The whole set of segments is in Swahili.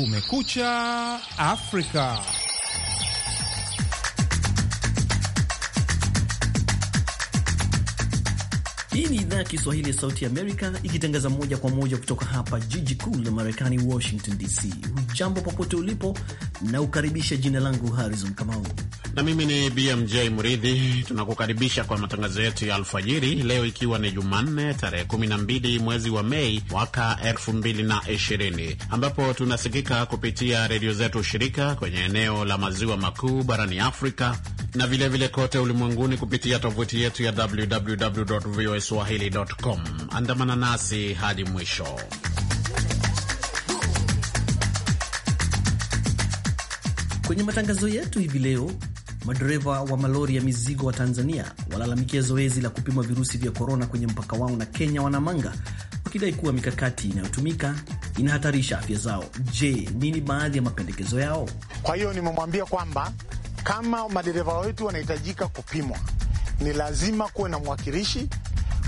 Kumekucha Afrika. Hii ni idhaa ya Kiswahili ya Sauti Amerika ikitangaza moja kwa moja kutoka hapa jiji kuu la Marekani, Washington DC. Hujambo popote ulipo, na ukaribisha. Jina langu Harrison Kamau na mimi ni BMJ Mridhi. Tunakukaribisha kwa matangazo yetu ya alfajiri leo, ikiwa ni Jumanne tarehe 12 mwezi wa Mei mwaka 2020 ambapo tunasikika kupitia redio zetu shirika kwenye eneo la maziwa makuu barani Afrika na vilevile vile kote ulimwenguni kupitia tovuti yetu ya www com. Andamana nasi hadi mwisho. Kwenye matangazo yetu hivi leo, madereva wa malori ya mizigo wa Tanzania walalamikia zoezi la kupima virusi vya korona kwenye mpaka wao na Kenya Wanamanga, wakidai kuwa mikakati inayotumika inahatarisha afya zao. Je, nini baadhi ya mapendekezo yao? Kwa hiyo nimemwambia kwamba kama madereva wetu wanahitajika kupimwa, ni lazima kuwe na mwakilishi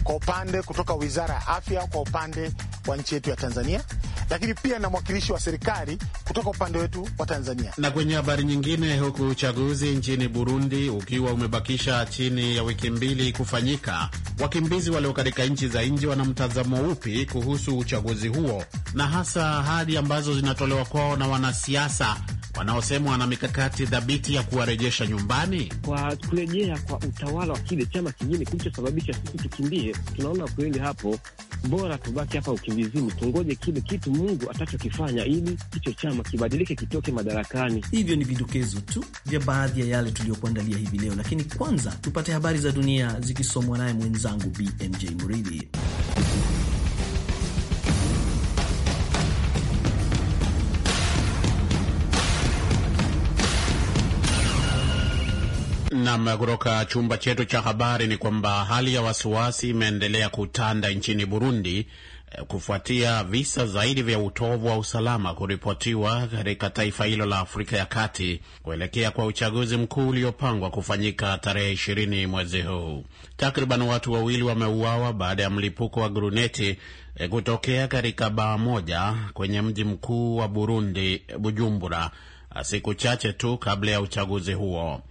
kwa upande kutoka wizara ya afya, kwa upande wa nchi yetu ya Tanzania lakini pia na mwakilishi wa serikali kutoka upande wetu wa Tanzania. Na kwenye habari nyingine, huku uchaguzi nchini Burundi ukiwa umebakisha chini ya wiki mbili kufanyika, wakimbizi walio katika nchi za nje wana mtazamo upi kuhusu uchaguzi huo na hasa ahadi ambazo zinatolewa kwao na wanasiasa wanaosema wana mikakati dhabiti ya kuwarejesha nyumbani, kwa kurejea kwa utawala wa kile chama kingine kilichosababisha sisi tukimbie. Tunaona kweli hapo bora tubaki hapa ukimbizini, tungoje kile kitu Mungu atachokifanya ili hicho chama kibadilike, kitoke madarakani. Hivyo ni vidokezo tu vya baadhi ya yale tuliyokuandalia hivi leo, lakini kwanza tupate habari za dunia zikisomwa naye mwenzangu BMJ Muridhi. Nam, kutoka chumba chetu cha habari ni kwamba hali ya wasiwasi imeendelea kutanda nchini Burundi eh, kufuatia visa zaidi vya utovu wa usalama kuripotiwa katika taifa hilo la Afrika ya Kati kuelekea kwa uchaguzi mkuu uliopangwa kufanyika tarehe ishirini mwezi huu. Takriban watu wawili wameuawa baada ya mlipuko wa gruneti eh, kutokea katika baa moja kwenye mji mkuu wa Burundi, Bujumbura, siku chache tu kabla ya uchaguzi huo.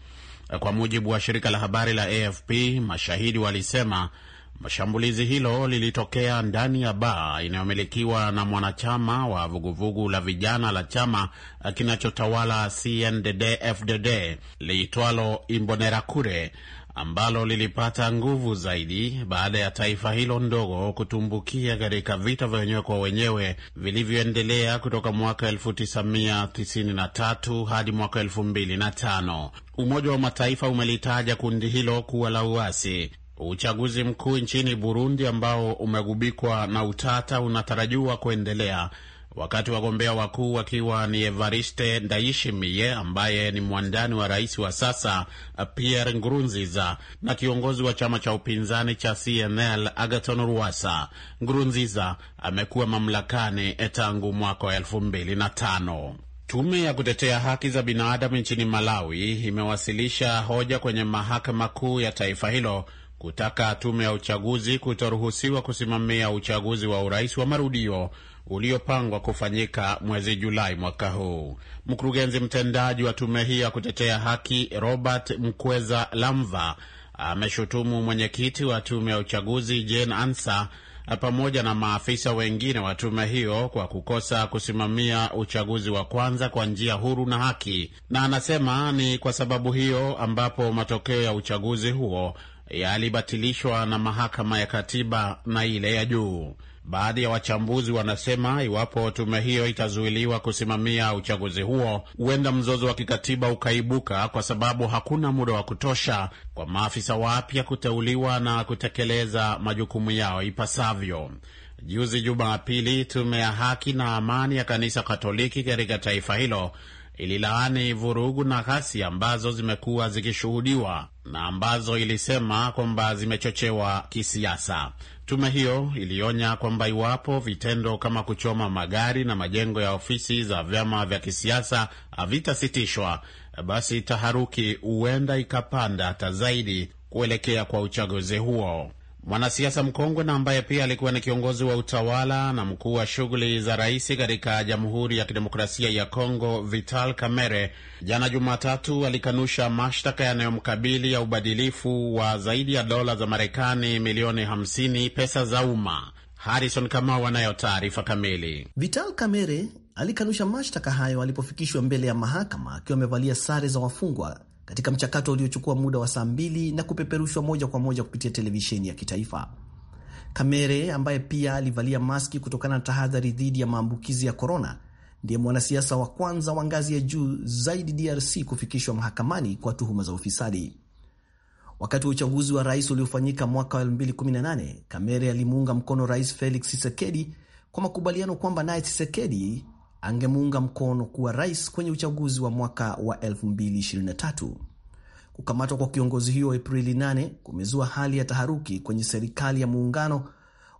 Kwa mujibu wa shirika la habari la AFP, mashahidi walisema shambulizi hilo lilitokea ndani ya baa inayomilikiwa na mwanachama wa vuguvugu la vijana la chama kinachotawala CNDD-FDD liitwalo Imbonerakure ambalo lilipata nguvu zaidi baada ya taifa hilo ndogo kutumbukia katika vita vya wenyewe kwa wenyewe vilivyoendelea kutoka mwaka 1993 hadi mwaka 2005. Umoja wa Mataifa umelitaja kundi hilo kuwa la uasi. Uchaguzi mkuu nchini Burundi ambao umegubikwa na utata unatarajiwa kuendelea wakati wagombea wakuu wakiwa ni Evariste Ndayishimiye ambaye ni mwandani wa rais wa sasa Pierre grunziza na kiongozi wa chama cha upinzani cha CNL agaton ruasa Nkurunziza amekuwa mamlakani eh, tangu mwaka wa elfu mbili na tano. Tume ya kutetea haki za binadamu nchini Malawi imewasilisha hoja kwenye mahakama kuu ya taifa hilo kutaka tume ya uchaguzi kutoruhusiwa kusimamia uchaguzi wa urais wa marudio uliopangwa kufanyika mwezi Julai mwaka huu. Mkurugenzi mtendaji wa tume hii ya kutetea haki Robert Mkweza Lamva ameshutumu mwenyekiti wa tume ya uchaguzi Jane Ansa pamoja na maafisa wengine wa tume hiyo kwa kukosa kusimamia uchaguzi wa kwanza kwa njia huru na haki, na anasema ni kwa sababu hiyo ambapo matokeo ya uchaguzi huo yalibatilishwa na mahakama ya katiba na ile ya juu. Baadhi ya wachambuzi wanasema iwapo tume hiyo itazuiliwa kusimamia uchaguzi huo, huenda mzozo wa kikatiba ukaibuka kwa sababu hakuna muda wa kutosha kwa maafisa wapya kuteuliwa na kutekeleza majukumu yao ipasavyo. Juzi Jumapili, tume ya haki na amani ya kanisa Katoliki katika taifa hilo ililaani vurugu na ghasia ambazo zimekuwa zikishuhudiwa na ambazo ilisema kwamba zimechochewa kisiasa. Tume hiyo ilionya kwamba iwapo vitendo kama kuchoma magari na majengo ya ofisi za vyama vya kisiasa havitasitishwa, basi taharuki huenda ikapanda hata zaidi kuelekea kwa uchaguzi huo. Mwanasiasa mkongwe na ambaye pia alikuwa ni kiongozi wa utawala na mkuu wa shughuli za rais katika Jamhuri ya Kidemokrasia ya Kongo, Vital Kamerhe, jana Jumatatu, alikanusha mashtaka yanayomkabili ya ubadilifu wa zaidi ya dola za Marekani milioni 50 pesa za umma. Harrison Kamau anayo taarifa kamili. Vital Kamerhe alikanusha mashtaka hayo alipofikishwa mbele ya mahakama akiwa amevalia sare za wafungwa katika mchakato uliochukua muda wa saa mbili na kupeperushwa moja kwa moja kupitia televisheni ya kitaifa. Kamere ambaye pia alivalia maski kutokana na tahadhari dhidi ya maambukizi ya korona, ndiye mwanasiasa wa kwanza wa ngazi ya juu zaidi DRC kufikishwa mahakamani kwa tuhuma za ufisadi. Wakati wa uchaguzi wa rais uliofanyika mwaka wa 2018, Kamere alimuunga mkono Rais Felix Tshisekedi kwa makubaliano kwamba naye Tshisekedi angemuunga mkono kuwa rais kwenye uchaguzi wa mwaka wa 2023. Kukamatwa kwa kiongozi huyo Aprili 8 kumezua hali ya taharuki kwenye serikali ya muungano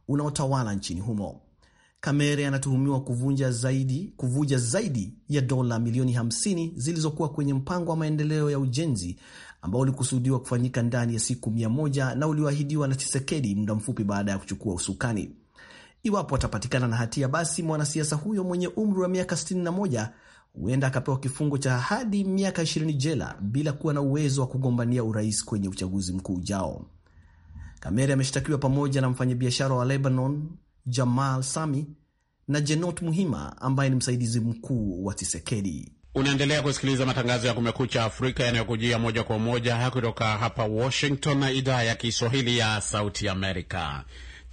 unaotawala nchini humo. Kamere anatuhumiwa kuvuja zaidi, kuvuja zaidi ya dola milioni 50 zilizokuwa kwenye mpango wa maendeleo ya ujenzi ambao ulikusudiwa kufanyika ndani ya siku 100 na ulioahidiwa na Chisekedi muda mfupi baada ya kuchukua usukani. Iwapo atapatikana na hatia, basi mwanasiasa huyo mwenye umri wa miaka 61 huenda akapewa kifungo cha hadi miaka 20 jela bila kuwa na uwezo wa kugombania urais kwenye uchaguzi mkuu ujao. Kameri ameshtakiwa pamoja na mfanyabiashara wa Lebanon Jamal Sami na Jenot Muhima ambaye ni msaidizi mkuu wa Tisekedi. Unaendelea kusikiliza matangazo ya Kumekucha Afrika yanayokujia moja kwa moja kutoka hapa Washington na idhaa ya Kiswahili ya Sauti Amerika.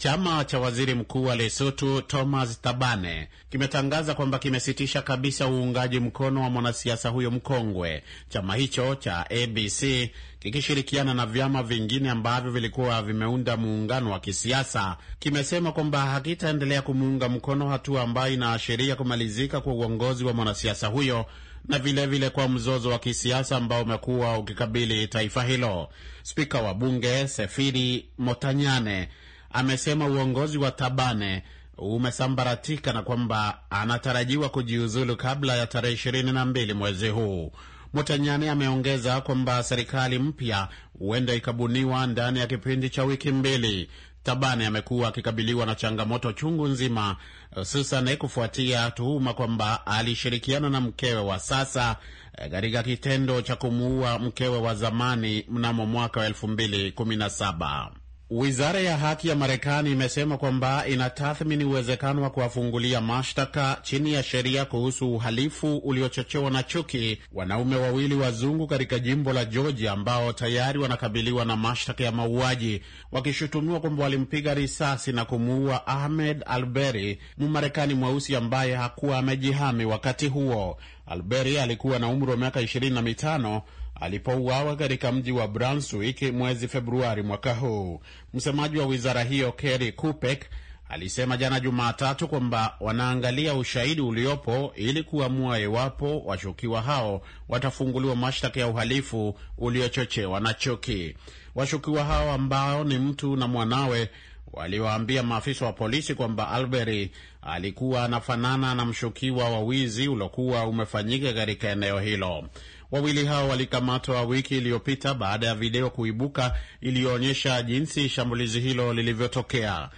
Chama cha waziri mkuu wa Lesotho Thomas Tabane kimetangaza kwamba kimesitisha kabisa uungaji mkono wa mwanasiasa huyo mkongwe. Chama hicho cha ABC kikishirikiana na vyama vingine ambavyo vilikuwa vimeunda muungano wa kisiasa kimesema kwamba hakitaendelea kumuunga mkono, hatua ambayo inaashiria kumalizika kwa uongozi wa mwanasiasa huyo na vilevile vile kwa mzozo wa kisiasa ambao umekuwa ukikabili taifa hilo. Spika wa bunge Sefiri Motanyane amesema uongozi wa Tabane umesambaratika na kwamba anatarajiwa kujiuzulu kabla ya tarehe ishirini na mbili mwezi huu. Mutanyane ameongeza kwamba serikali mpya huenda ikabuniwa ndani ya kipindi cha wiki mbili. Tabane amekuwa akikabiliwa na changamoto chungu nzima, hususan kufuatia tuhuma kwamba alishirikiana na mkewe wa sasa eh, katika kitendo cha kumuua mkewe wa zamani mnamo mwaka wa elfu mbili kumi na saba. Wizara ya haki ya Marekani imesema kwamba inatathmini uwezekano wa kuwafungulia mashtaka chini ya sheria kuhusu uhalifu uliochochewa na chuki wanaume wawili wazungu katika jimbo la Georgia ambao tayari wanakabiliwa na mashtaka ya mauaji wakishutumiwa kwamba walimpiga risasi na kumuua Ahmed Alberi, Mmarekani mweusi ambaye hakuwa amejihami wakati huo. Alberi alikuwa na umri wa miaka ishirini na mitano alipouawa katika mji wa Brunswick mwezi Februari mwaka huu. Msemaji wa wizara hiyo Kerry Kupek alisema jana Jumatatu kwamba wanaangalia ushahidi uliopo ili kuamua iwapo washukiwa hao watafunguliwa mashtaka ya uhalifu uliochochewa na chuki. Washukiwa hao ambao ni mtu na mwanawe waliwaambia maafisa wa polisi kwamba Albery alikuwa anafanana na mshukiwa wa wizi uliokuwa umefanyika katika eneo hilo. Wawili hao walikamatwa wiki iliyopita baada ya video kuibuka iliyoonyesha jinsi shambulizi hilo lilivyotokea.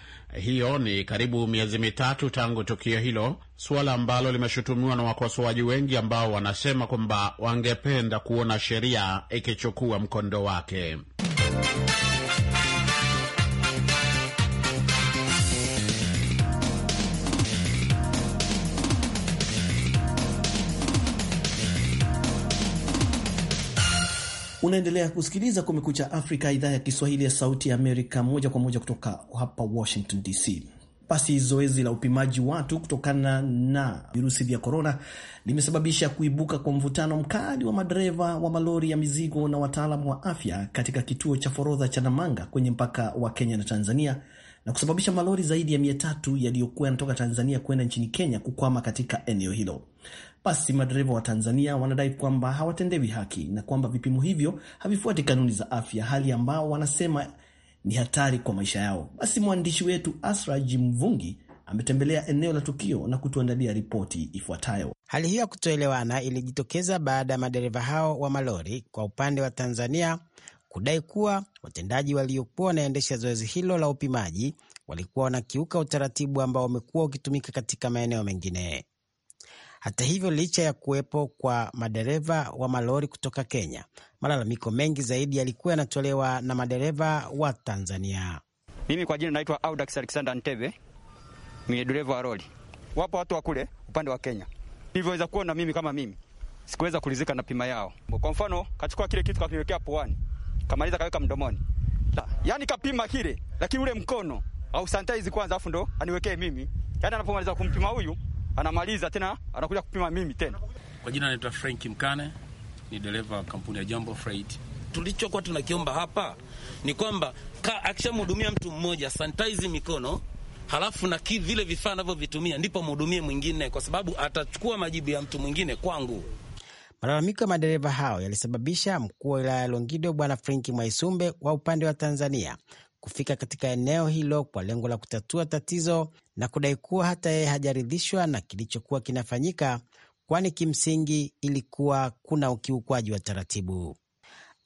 Hiyo ni karibu miezi mitatu tangu tukio hilo, suala ambalo limeshutumiwa na wakosoaji wengi ambao wanasema kwamba wangependa kuona sheria ikichukua mkondo wake. Unaendelea kusikiliza Kumekucha Afrika, idhaa ya Kiswahili ya Sauti ya Amerika, moja kwa moja kutoka hapa Washington DC. Basi zoezi la upimaji watu kutokana na virusi vya korona limesababisha kuibuka kwa mvutano mkali wa madereva wa malori ya mizigo na wataalamu wa afya katika kituo cha forodha cha Namanga kwenye mpaka wa Kenya na Tanzania na kusababisha malori zaidi ya mia tatu yaliyokuwa yanatoka Tanzania kwenda nchini Kenya kukwama katika eneo hilo. Basi madereva wa Tanzania wanadai kwamba hawatendewi haki na kwamba vipimo hivyo havifuati kanuni za afya, hali ambao wanasema ni hatari kwa maisha yao. Basi mwandishi wetu Asra mvungi ametembelea eneo la tukio na kutuandalia ripoti ifuatayo. Hali hiyo ya kutoelewana ilijitokeza baada ya madereva hao wa malori kwa upande wa Tanzania kudai kuwa watendaji waliokuwa wanaendesha zoezi hilo la upimaji walikuwa wanakiuka utaratibu ambao umekuwa ukitumika katika maeneo mengine. Hata hivyo, licha ya kuwepo kwa madereva wa malori kutoka Kenya, malalamiko mengi zaidi yalikuwa yanatolewa na madereva wa Tanzania. Mimi kwa jina naitwa Audax Alexander Nteve, mwenye dereva wa lori. Wapo watu wa kule upande wa Kenya, nilivyoweza kuona mimi kama mimi sikuweza kulizika na pima yao. Kwa mfano, kachukua kile kitu kakiwekea puani kamaliza kaweka mdomoni, yaani kapima kile, lakini ule mkono au sanitize kwanza, afu ndo aniwekee mimi. Yaani anapomaliza kumpima huyu anamaliza tena anakuja kupima mimi tena. Kwa jina naitwa Frank Mkane, ni dereva wa kampuni ya Jambo Freight. Tulichokuwa tunakiomba hapa ni kwamba akishamhudumia mtu mmoja sanitize mikono halafu na vile vifaa anavyovitumia ndipo mhudumie mwingine, kwa sababu atachukua majibu ya mtu mwingine kwangu. Malalamiko ya madereva hao yalisababisha mkuu wa wilaya ya Longido Bwana Frenki Mwaisumbe wa upande wa Tanzania kufika katika eneo hilo kwa lengo la kutatua tatizo na kudai kuwa hata yeye hajaridhishwa na kilichokuwa kinafanyika, kwani kimsingi ilikuwa kuna ukiukwaji wa taratibu.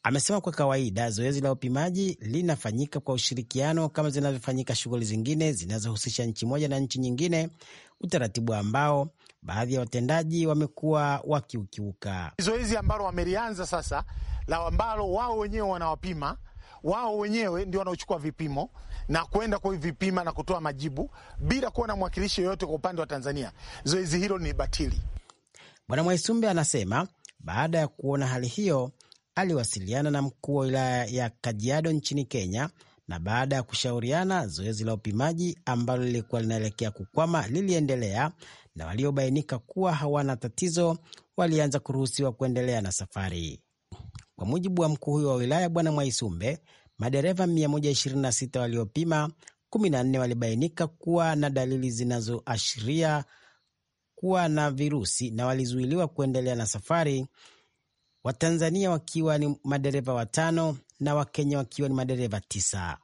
Amesema kwa kawaida zoezi la upimaji linafanyika kwa ushirikiano kama zinavyofanyika shughuli zingine zinazohusisha nchi moja na nchi nyingine, utaratibu ambao baadhi ya watendaji wamekuwa wakiukiuka zoezi ambalo wamelianza sasa, la ambalo wao wenyewe wanawapima wao wenyewe ndio wanaochukua vipimo na kwenda kwa vipima na kutoa majibu bila kuwa na mwakilishi yoyote kwa upande wa Tanzania. Zoezi hilo ni batili. Bwana Mwaisumbe anasema baada ya kuona hali hiyo aliwasiliana na mkuu wa wilaya ya Kajiado nchini Kenya, na baada ya kushauriana, zoezi la upimaji ambalo lilikuwa linaelekea kukwama liliendelea na waliobainika kuwa hawana tatizo walianza kuruhusiwa kuendelea na safari. Kwa mujibu wa mkuu huyo wa wilaya Bwana Mwaisumbe, madereva 126 waliopima 14 walibainika kuwa na dalili zinazoashiria kuwa na virusi na walizuiliwa kuendelea na safari, Watanzania wakiwa ni madereva watano na Wakenya wakiwa ni madereva tisa.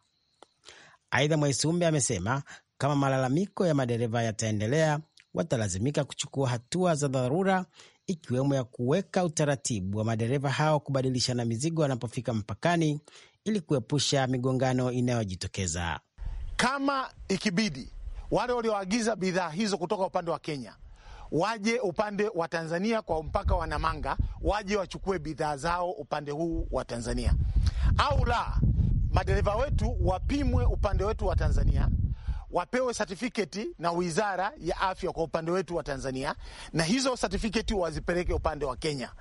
Aidha, Mwaisumbe amesema kama malalamiko ya madereva yataendelea, watalazimika kuchukua hatua za dharura ikiwemo ya kuweka utaratibu wa madereva hao kubadilishana mizigo wanapofika mpakani ili kuepusha migongano inayojitokeza. Kama ikibidi, wale walioagiza bidhaa hizo kutoka upande wa Kenya waje upande wa Tanzania kwa mpaka wa Namanga, waje wachukue bidhaa zao upande huu wa Tanzania, au la, madereva wetu wapimwe upande wetu wa Tanzania wapewe certificate na Wizara ya Afya kwa upande wetu wa Tanzania, na hizo certificate wazipeleke upande wa Kenya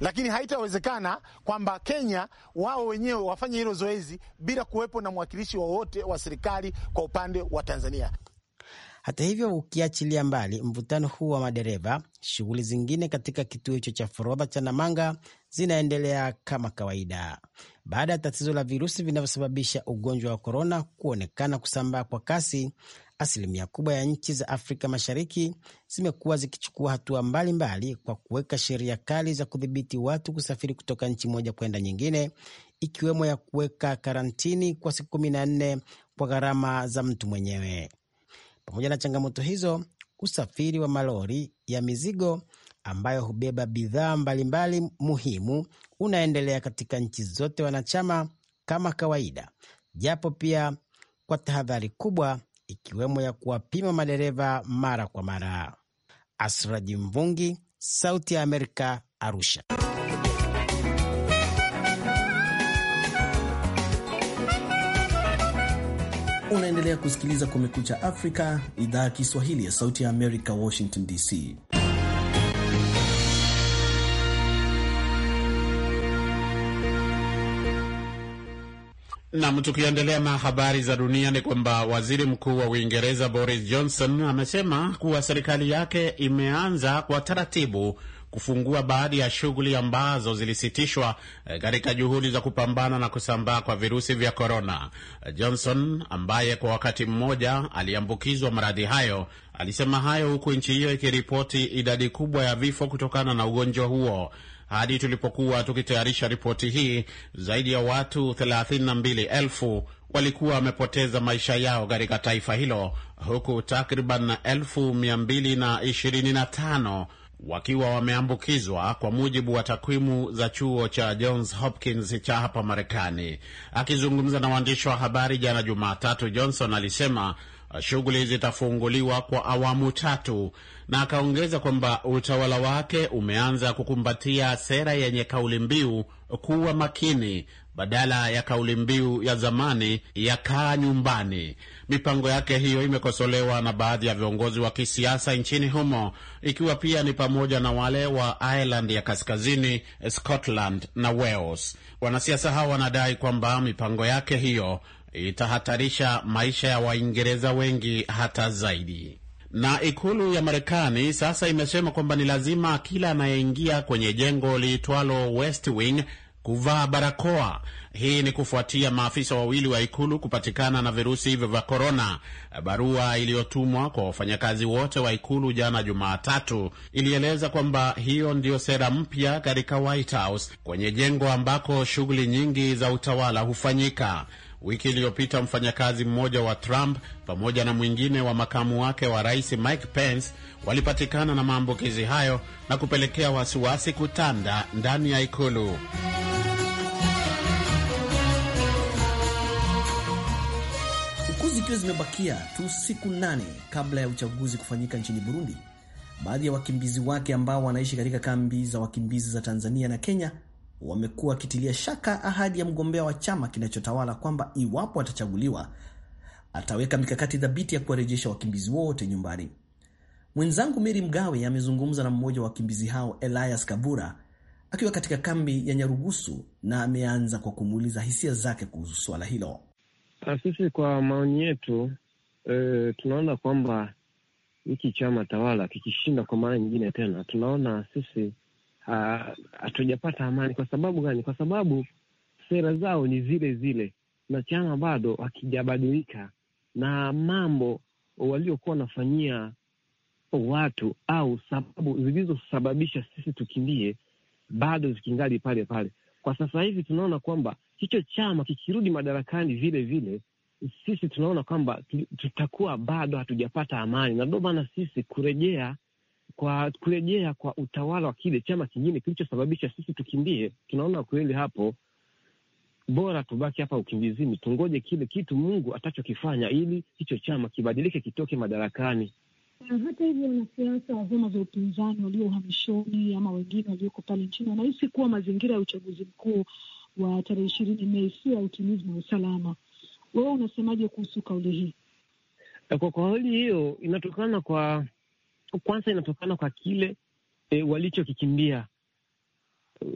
lakini haitawezekana kwamba Kenya wao wenyewe wafanye hilo zoezi bila kuwepo na mwakilishi wowote wa, wa serikali kwa upande wa Tanzania. Hata hivyo, ukiachilia mbali mvutano huu wa madereva, shughuli zingine katika kituo hicho cha forodha cha Namanga zinaendelea kama kawaida baada ya tatizo la virusi vinavyosababisha ugonjwa wa korona kuonekana kusambaa kwa kasi. Asilimia kubwa ya nchi za Afrika Mashariki zimekuwa zikichukua hatua mbalimbali mbali kwa kuweka sheria kali za kudhibiti watu kusafiri kutoka nchi moja kwenda nyingine, ikiwemo ya kuweka karantini kwa siku kumi na nne kwa gharama za mtu mwenyewe. Pamoja na changamoto hizo, usafiri wa malori ya mizigo ambayo hubeba bidhaa mbalimbali muhimu unaendelea katika nchi zote wanachama kama kawaida, japo pia kwa tahadhari kubwa, ikiwemo ya kuwapima madereva mara kwa mara. Asraji Mvungi, Sauti ya Amerika, Arusha. Unaendelea kusikiliza Kumekucha Afrika, idhaa ya Kiswahili ya Sauti ya Amerika, Washington DC. Nam, tukiendelea na habari za dunia ni kwamba waziri mkuu wa Uingereza Boris Johnson amesema kuwa serikali yake imeanza kwa taratibu kufungua baadhi ya shughuli ambazo zilisitishwa eh, katika juhudi za kupambana na kusambaa kwa virusi vya korona. Johnson ambaye kwa wakati mmoja aliambukizwa maradhi hayo alisema hayo huku nchi hiyo ikiripoti idadi kubwa ya vifo kutokana na ugonjwa huo. Hadi tulipokuwa tukitayarisha ripoti hii, zaidi ya watu 32 walikuwa wamepoteza maisha yao katika taifa hilo, huku takriban 225 wakiwa wameambukizwa kwa mujibu wa takwimu za chuo cha Johns Hopkins cha hapa Marekani. Akizungumza na waandishi wa habari jana Jumatatu, Johnson alisema Uh, shughuli zitafunguliwa kwa awamu tatu, na akaongeza kwamba utawala wake umeanza kukumbatia sera yenye kauli mbiu kuwa makini badala ya kauli mbiu ya zamani ya kaa nyumbani. Mipango yake hiyo imekosolewa na baadhi ya viongozi wa kisiasa nchini humo, ikiwa pia ni pamoja na wale wa Ireland ya Kaskazini, Scotland na Wales. Wanasiasa hao wanadai kwamba mipango yake hiyo itahatarisha maisha ya Waingereza wengi hata zaidi. Na ikulu ya Marekani sasa imesema kwamba ni lazima kila anayeingia kwenye jengo liitwalo West Wing kuvaa barakoa. Hii ni kufuatia maafisa wawili wa ikulu kupatikana na virusi hivyo vya korona. Barua iliyotumwa kwa wafanyakazi wote wa ikulu jana Jumatatu ilieleza kwamba hiyo ndiyo sera mpya katika White House, kwenye jengo ambako shughuli nyingi za utawala hufanyika. Wiki iliyopita mfanyakazi mmoja wa Trump pamoja na mwingine wa makamu wake wa rais Mike Pence walipatikana na maambukizi hayo na kupelekea wasiwasi kutanda ndani ya ikulu. Huku zikiwa zimebakia tu siku nane kabla ya uchaguzi kufanyika nchini Burundi, baadhi ya wakimbizi wake ambao wanaishi katika kambi za wakimbizi za Tanzania na Kenya wamekuwa wakitilia shaka ahadi ya mgombea wa chama kinachotawala kwamba iwapo atachaguliwa ataweka mikakati thabiti ya kuwarejesha wakimbizi wote nyumbani. Mwenzangu Meri Mgawe amezungumza na mmoja wa wakimbizi hao Elias Kabura akiwa katika kambi ya Nyarugusu na ameanza kwa kumuuliza hisia zake kuhusu suala hilo. Ah, sisi kwa maoni yetu e, tunaona kwamba hiki chama tawala kikishinda kwa mara nyingine tena, tunaona sisi Ah, hatujapata amani. Kwa sababu gani? Kwa sababu sera zao ni zile zile, na chama bado hakijabadilika, na mambo waliokuwa wanafanyia watu au sababu zilizosababisha sisi tukimbie bado zikingali pale pale. Kwa sasa hivi tunaona kwamba hicho chama kikirudi madarakani vile vile, sisi tunaona kwamba tutakuwa bado hatujapata amani, na ndio maana sisi kurejea kwa kurejea kwa utawala wa kile chama kingine kilichosababisha sisi tukimbie, tunaona kweli hapo bora tubaki hapa ukimbizini, tungoje kile kitu Mungu atachokifanya ili hicho chama kibadilike, kitoke madarakani. Hata hivyo wanasiasa wa vyama vya upinzani walio uhamishoni ama wengine walioko pale nchini wanahisi kuwa mazingira ya uchaguzi mkuu wa tarehe ishirini Mei sio ya utimizi na usalama. Wewe unasemaje kuhusu kauli hii? Kwa kauli hiyo inatokana kwa kwanza inatokana kwa kile e, walichokikimbia.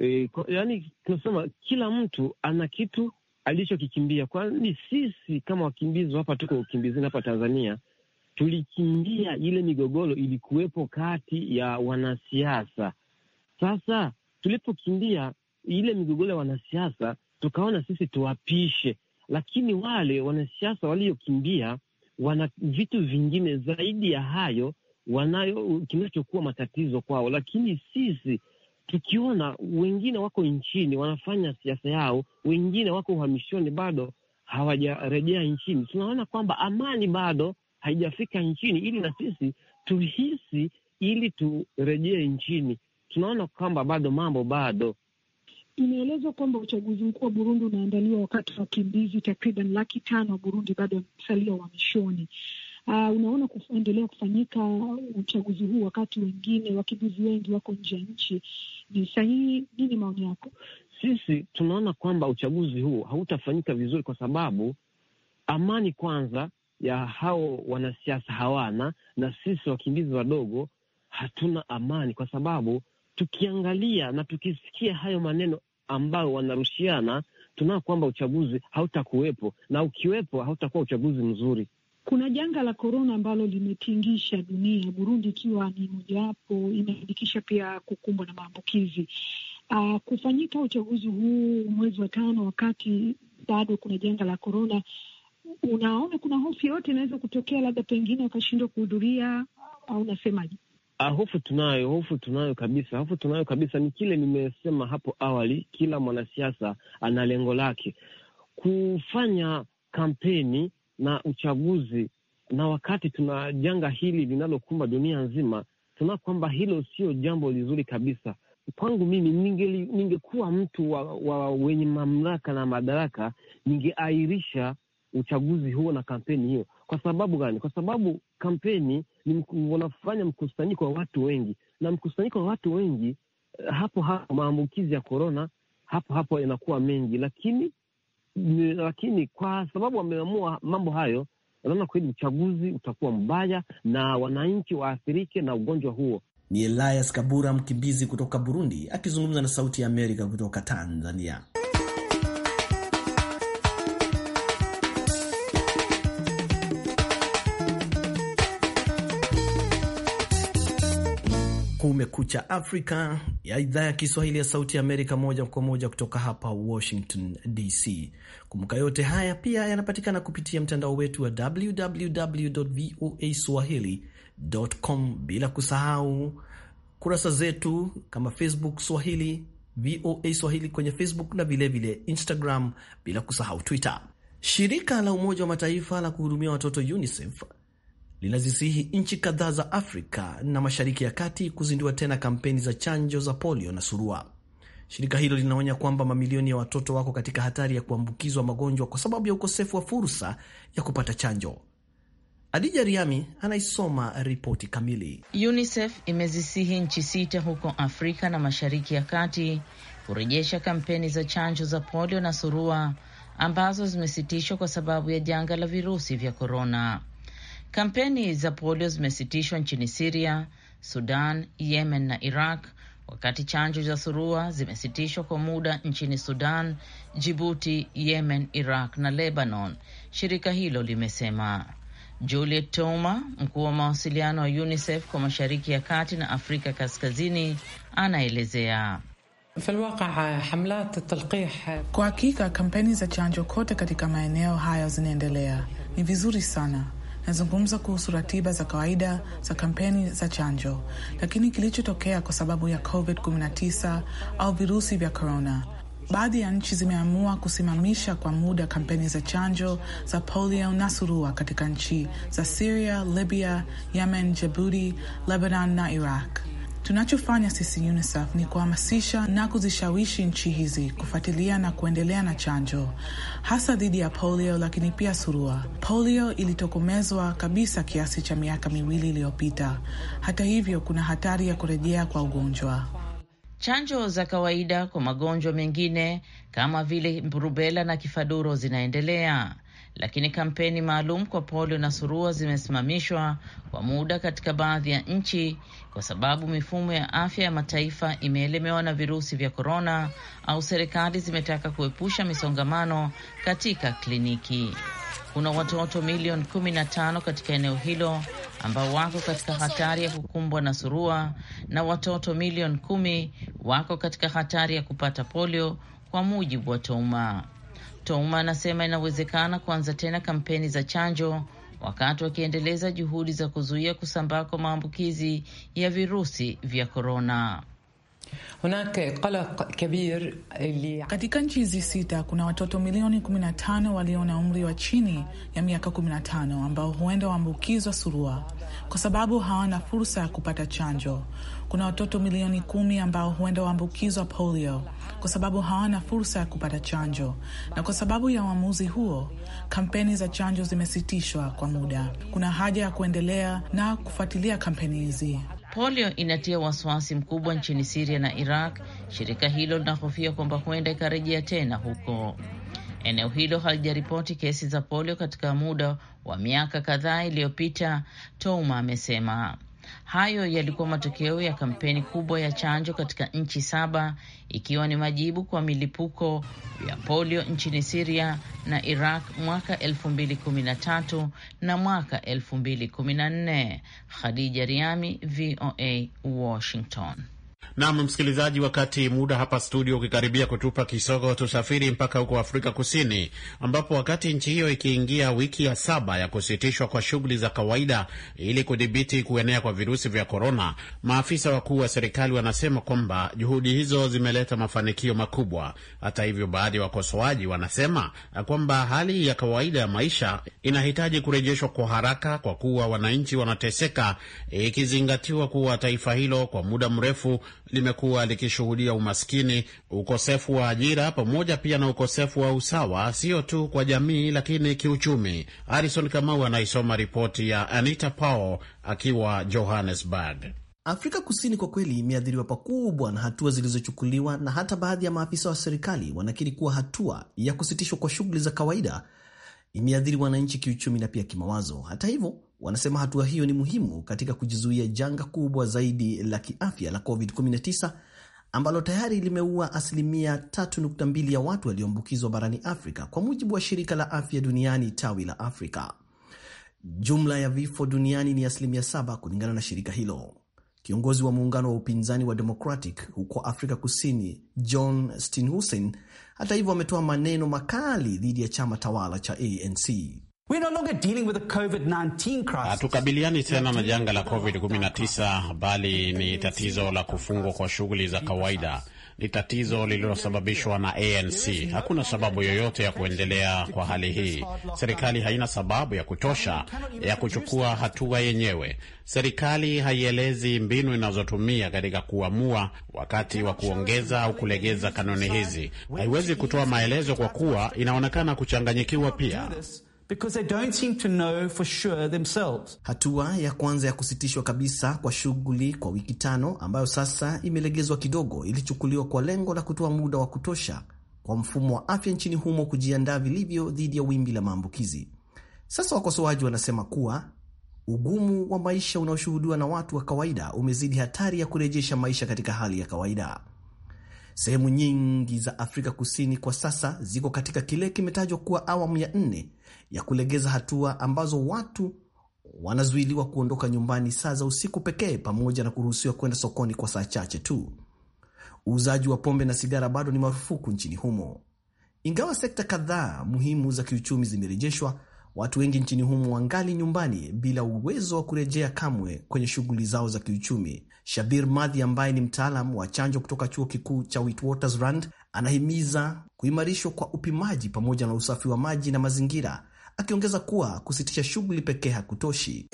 E, yaani tunasema kila mtu ana kitu alichokikimbia, kwani sisi kama wakimbizi hapa tuko ukimbizini hapa Tanzania tulikimbia ile migogoro ilikuwepo kati ya wanasiasa. Sasa tulipokimbia ile migogoro ya wanasiasa, tukaona sisi tuwapishe, lakini wale wanasiasa waliokimbia wana vitu vingine zaidi ya hayo wanayo kinachokuwa matatizo kwao, lakini sisi tukiona wengine wako nchini wanafanya siasa yao, wengine wako uhamishoni bado hawajarejea nchini, tunaona kwamba amani bado haijafika nchini, ili na sisi tuhisi, ili turejee nchini. Tunaona kwamba bado mambo bado Inaelezwa kwamba uchaguzi mkuu wa Burundi unaandaliwa wakati wakimbizi takriban laki tano wa Burundi bado wamesalia uhamishoni wa Uh, unaona kuendelea kufanyika uchaguzi huu wakati wengine wakimbizi wengi wako nje ya nchi ni sahihi? Nini maoni yako? Sisi tunaona kwamba uchaguzi huu hautafanyika vizuri kwa sababu amani kwanza ya hao wanasiasa hawana, na sisi wakimbizi wadogo hatuna amani, kwa sababu tukiangalia na tukisikia hayo maneno ambayo wanarushiana, tunaona kwamba uchaguzi hautakuwepo, na ukiwepo hautakuwa uchaguzi mzuri. Kuna janga la korona ambalo limetingisha dunia, Burundi ikiwa ni mojawapo, imeandikisha pia kukumbwa na maambukizi. Uh, kufanyika uchaguzi huu mwezi wa tano, wakati bado kuna janga la korona, unaona kuna hofu yote inaweza kutokea, labda pengine wakashindwa kuhudhuria au unasemaje? Ah, hofu tunayo, hofu tunayo kabisa, hofu tunayo kabisa. Ni kile nimesema hapo awali, kila mwanasiasa ana lengo lake kufanya kampeni na uchaguzi, na wakati tuna janga hili linalokumba dunia nzima, tuna kwamba hilo sio jambo lizuri kabisa. Kwangu mimi, ningekuwa mtu wa, wa wenye mamlaka na madaraka, ningeahirisha uchaguzi huo na kampeni hiyo. Kwa sababu gani? Kwa sababu kampeni ni wanafanya mkusanyiko wa watu wengi, na mkusanyiko wa watu wengi, hapo hapo maambukizi ya korona hapo hapo yanakuwa mengi, lakini lakini kwa sababu wameamua mambo hayo, wanaona kweli uchaguzi utakuwa mbaya na wananchi waathirike na ugonjwa huo. Ni Elias Kabura, mkimbizi kutoka Burundi, akizungumza na Sauti ya Amerika kutoka Tanzania. Kumekucha Afrika ya idhaa ya Kiswahili ya Sauti ya Amerika, moja kwa moja kutoka hapa Washington DC. Kumbuka yote haya pia yanapatikana kupitia mtandao wetu wa www voa swahili.com, bila kusahau kurasa zetu kama Facebook Swahili, VOA Swahili kwenye Facebook na vilevile vile Instagram, bila kusahau Twitter. Shirika la Umoja wa Mataifa la kuhudumia watoto UNICEF linazisihi nchi kadhaa za Afrika na Mashariki ya Kati kuzindua tena kampeni za chanjo za polio na surua. Shirika hilo linaonya kwamba mamilioni ya watoto wako katika hatari ya kuambukizwa magonjwa kwa sababu ya ukosefu wa fursa ya kupata chanjo. Adija Riami anaisoma ripoti kamili. UNICEF imezisihi nchi sita huko Afrika na Mashariki ya Kati kurejesha kampeni za chanjo za polio na surua ambazo zimesitishwa kwa sababu ya janga la virusi vya korona. Kampeni za polio zimesitishwa nchini Siria, Sudan, Yemen na Iraq, wakati chanjo za surua zimesitishwa kwa muda nchini Sudan, Jibuti, Yemen, Iraq na Lebanon, shirika hilo limesema. Juliet Touma, mkuu wa mawasiliano wa UNICEF kwa Mashariki ya Kati na Afrika Kaskazini, anaelezea. Kwa hakika kampeni za chanjo kote katika maeneo hayo zinaendelea. Ni vizuri sana nazungumza kuhusu ratiba za kawaida za kampeni za chanjo, lakini kilichotokea kwa sababu ya COVID-19 au virusi vya korona Baadhi ya nchi zimeamua kusimamisha kwa muda kampeni za chanjo za polio na surua katika nchi za Siria, Libya, Yemen, Jibuti, Lebanon na Iraq. Tunachofanya sisi UNICEF ni kuhamasisha na kuzishawishi nchi hizi kufuatilia na kuendelea na chanjo hasa dhidi ya polio, lakini pia surua. Polio ilitokomezwa kabisa kiasi cha miaka miwili iliyopita. Hata hivyo, kuna hatari ya kurejea kwa ugonjwa. Chanjo za kawaida kwa magonjwa mengine kama vile rubela na kifaduro zinaendelea lakini kampeni maalum kwa polio na surua zimesimamishwa kwa muda katika baadhi ya nchi kwa sababu mifumo ya afya ya mataifa imeelemewa na virusi vya korona, au serikali zimetaka kuepusha misongamano katika kliniki. Kuna watoto milioni 15 katika eneo hilo ambao wako katika hatari ya kukumbwa na surua na watoto milioni kumi wako katika hatari ya kupata polio, kwa mujibu wa TOUMA. Touma anasema inawezekana kuanza tena kampeni za chanjo wakati wakiendeleza juhudi za kuzuia kusambaa kwa maambukizi ya virusi vya korona. Katika nchi hizi sita kuna watoto milioni 15 walio na umri wa chini ya miaka 15 ambao huenda waambukizwa surua kwa sababu hawana fursa ya kupata chanjo. Kuna watoto milioni kumi ambao huenda waambukizwa polio kwa sababu hawana fursa ya kupata chanjo. Na kwa sababu ya uamuzi huo, kampeni za chanjo zimesitishwa kwa muda. Kuna haja ya kuendelea na kufuatilia kampeni hizi. Polio inatia wasiwasi mkubwa nchini Siria na Iraq. Shirika hilo linahofia kwamba huenda ikarejea tena huko. Eneo hilo halijaripoti kesi za polio katika muda wa miaka kadhaa iliyopita, Touma amesema. Hayo yalikuwa matokeo ya kampeni kubwa ya chanjo katika nchi saba ikiwa ni majibu kwa milipuko ya polio nchini Siria na Iraq mwaka 2013 na mwaka 2014. Khadija Riami, VOA, Washington. Nam msikilizaji, wakati muda hapa studio ukikaribia kutupa kisogo, tusafiri mpaka huko Afrika Kusini, ambapo wakati nchi hiyo ikiingia wiki ya saba ya kusitishwa kwa shughuli za kawaida ili kudhibiti kuenea kwa virusi vya korona, maafisa wakuu wa serikali wanasema kwamba juhudi hizo zimeleta mafanikio makubwa. Hata hivyo, baadhi ya wakosoaji wanasema kwamba hali ya kawaida ya maisha inahitaji kurejeshwa kwa haraka, kwa kuwa wananchi wanateseka, ikizingatiwa kuwa taifa hilo kwa muda mrefu limekuwa likishuhudia umaskini, ukosefu wa ajira, pamoja pia na ukosefu wa usawa, sio tu kwa jamii, lakini kiuchumi. Harrison Kamau anaisoma ripoti ya Anita Powell akiwa Johannesburg. Afrika Kusini kwa kweli imeathiriwa pakubwa na hatua zilizochukuliwa, na hata baadhi ya maafisa wa serikali wanakiri kuwa hatua ya kusitishwa kwa shughuli za kawaida imeathiri wananchi kiuchumi na pia kimawazo. Hata hivyo wanasema hatua hiyo ni muhimu katika kujizuia janga kubwa zaidi la kiafya la COVID-19 ambalo tayari limeua asilimia 3.2 ya watu walioambukizwa barani Afrika, kwa mujibu wa shirika la afya duniani tawi la Afrika. Jumla ya vifo duniani ni asilimia 7 kulingana na shirika hilo. Kiongozi wa muungano wa upinzani wa Democratic huko Afrika Kusini, John Steenhuisen, hata hivyo, ametoa maneno makali dhidi ya chama tawala cha ANC. Hatukabiliani tena na janga la COVID-19 bali ni tatizo la kufungwa kwa shughuli za kawaida. Ni tatizo lililosababishwa na ANC. Hakuna sababu yoyote ya kuendelea kwa hali hii. Serikali haina sababu ya kutosha ya kuchukua hatua yenyewe. Serikali haielezi mbinu inazotumia katika kuamua wakati wa kuongeza au kulegeza kanuni hizi. Haiwezi kutoa maelezo kwa kuwa inaonekana kuchanganyikiwa pia because they don't seem to know for sure themselves. Hatua ya kwanza ya kusitishwa kabisa kwa shughuli kwa wiki tano ambayo sasa imelegezwa kidogo ilichukuliwa kwa lengo la kutoa muda wa kutosha kwa mfumo wa afya nchini humo kujiandaa vilivyo dhidi ya wimbi la maambukizi. Sasa wakosoaji wanasema kuwa ugumu wa maisha unaoshuhudiwa na watu wa kawaida umezidi hatari ya kurejesha maisha katika hali ya kawaida. Sehemu nyingi za Afrika Kusini kwa sasa ziko katika kile kimetajwa kuwa awamu ya nne ya kulegeza hatua ambazo watu wanazuiliwa kuondoka nyumbani saa za usiku pekee pamoja na kuruhusiwa kwenda sokoni kwa saa chache tu. Uuzaji wa pombe na sigara bado ni marufuku nchini humo. Ingawa sekta kadhaa muhimu za kiuchumi zimerejeshwa, watu wengi nchini humo wangali nyumbani bila uwezo wa kurejea kamwe kwenye shughuli zao za kiuchumi Shabir Madhi ambaye ni mtaalam wa chanjo kutoka chuo kikuu cha Witwatersrand anahimiza kuimarishwa kwa upimaji pamoja na usafi wa maji na mazingira akiongeza kuwa kusitisha shughuli pekee hakutoshi.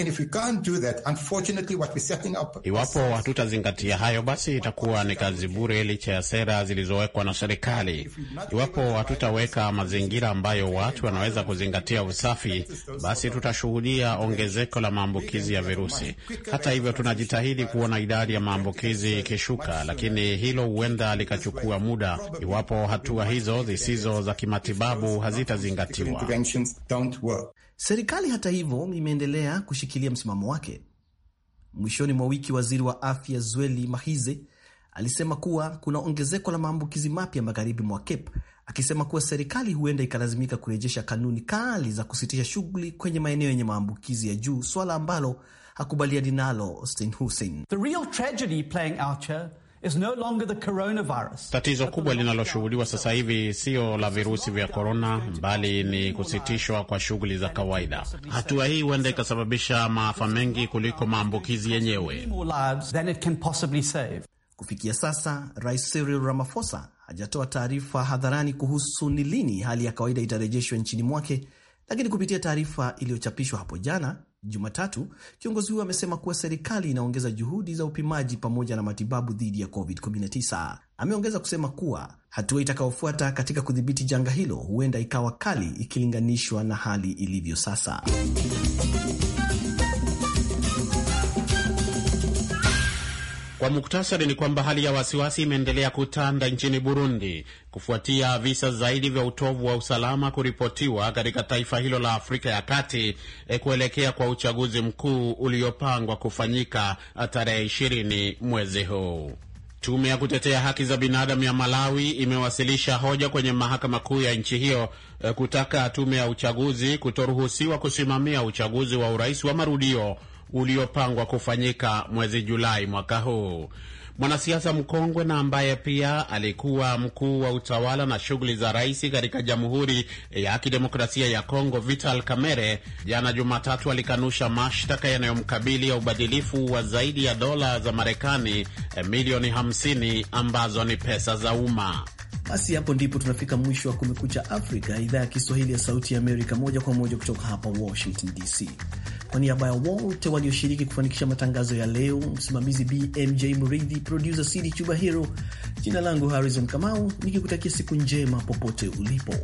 Iwapo hatutazingatia hayo, basi itakuwa ni kazi bure, licha ya sera zilizowekwa na serikali. Iwapo hatutaweka mazingira ambayo watu wanaweza kuzingatia usafi, basi tutashuhudia ongezeko la maambukizi ya virusi. Hata hivyo, tunajitahidi kuona idadi ya maambukizi ikishuka, lakini hilo huenda likachukua muda iwapo hatua hizo zisizo za kimatibabu hazitazingatiwa won't work. Serikali hata hivyo imeendelea kushikilia msimamo wake. Mwishoni mwa wiki, waziri wa afya Zweli Mahize alisema kuwa kuna ongezeko la maambukizi mapya magharibi mwa Cape, akisema kuwa serikali huenda ikalazimika kurejesha kanuni kali za kusitisha shughuli kwenye maeneo yenye maambukizi ya juu, swala ambalo hakubaliani nalo Steinhuysen. The real tragedy playing out here no longer the coronavirus. Tatizo kubwa linaloshughuliwa sasa hivi sio la virusi vya korona, mbali ni kusitishwa kwa shughuli za kawaida. Hatua hii huenda ikasababisha maafa mengi kuliko maambukizi yenyewe. Kufikia sasa, Rais Cyril Ramaphosa hajatoa taarifa hadharani kuhusu ni lini hali ya kawaida itarejeshwa nchini mwake, lakini kupitia taarifa iliyochapishwa hapo jana Jumatatu, kiongozi huyo amesema kuwa serikali inaongeza juhudi za upimaji pamoja na matibabu dhidi ya COVID-19. Ameongeza kusema kuwa hatua itakayofuata katika kudhibiti janga hilo huenda ikawa kali ikilinganishwa na hali ilivyo sasa. Kwa muktasari ni kwamba hali ya wasiwasi imeendelea kutanda nchini Burundi kufuatia visa zaidi vya utovu wa usalama kuripotiwa katika taifa hilo la Afrika ya Kati e, kuelekea kwa uchaguzi mkuu uliopangwa kufanyika eh, tarehe ishirini mwezi huu. Tume ya kutetea haki za binadamu ya Malawi imewasilisha hoja kwenye mahakama kuu ya nchi hiyo e, kutaka tume ya uchaguzi kutoruhusiwa kusimamia uchaguzi wa urais wa marudio uliopangwa kufanyika mwezi Julai mwaka huu. Mwanasiasa mkongwe na ambaye pia alikuwa mkuu wa utawala na shughuli za rais katika Jamhuri ya Kidemokrasia ya Kongo, Vital Kamerhe, jana Jumatatu, alikanusha mashtaka yanayomkabili ya ubadilifu wa zaidi ya dola za Marekani eh, milioni 50 ambazo ni pesa za umma. Basi hapo ndipo tunafika mwisho wa Kumekucha Afrika, idhaa ya Kiswahili ya Sauti ya Amerika, moja kwa moja kutoka hapa Washington DC. Kwa niaba ya wote walioshiriki kufanikisha matangazo ya leo, msimamizi BMJ Mridhi, produsa cd Chuba Hero, jina langu Harrison Kamau, nikikutakia siku njema popote ulipo.